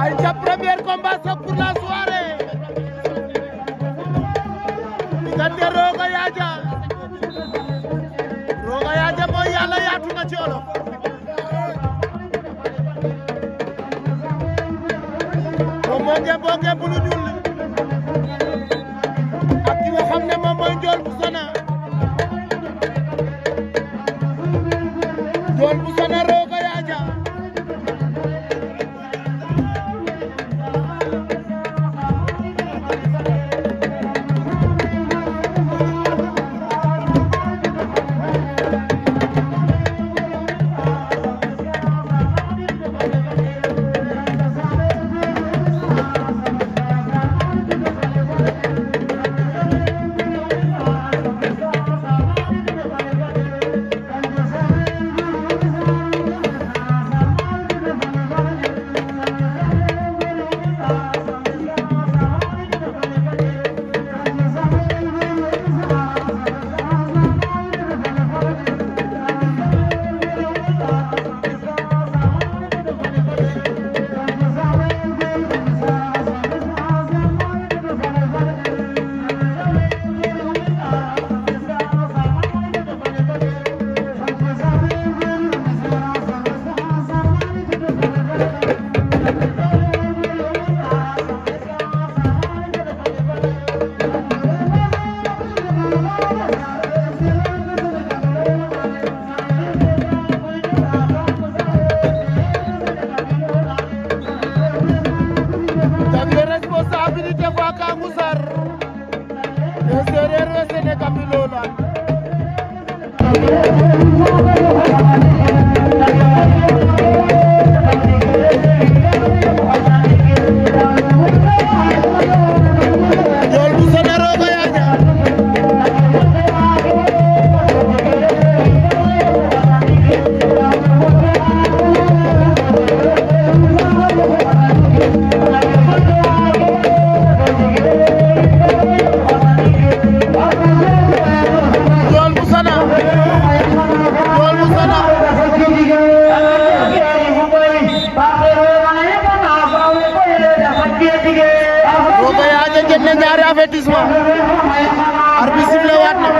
ay ca premier combat c'est pour la soirée diggante Roga Yaaja Roga Yaaja mooy yàlla yaatu na ci olof moom moo ngi boo ngi bulu ñuul ak ki nga xam ne moom mooy njool bu sana njool bu sana Roga Yaaja Sari te fo ka ngusar e sereer we sene kam i ñaari avertissement arbitre sifflé waat na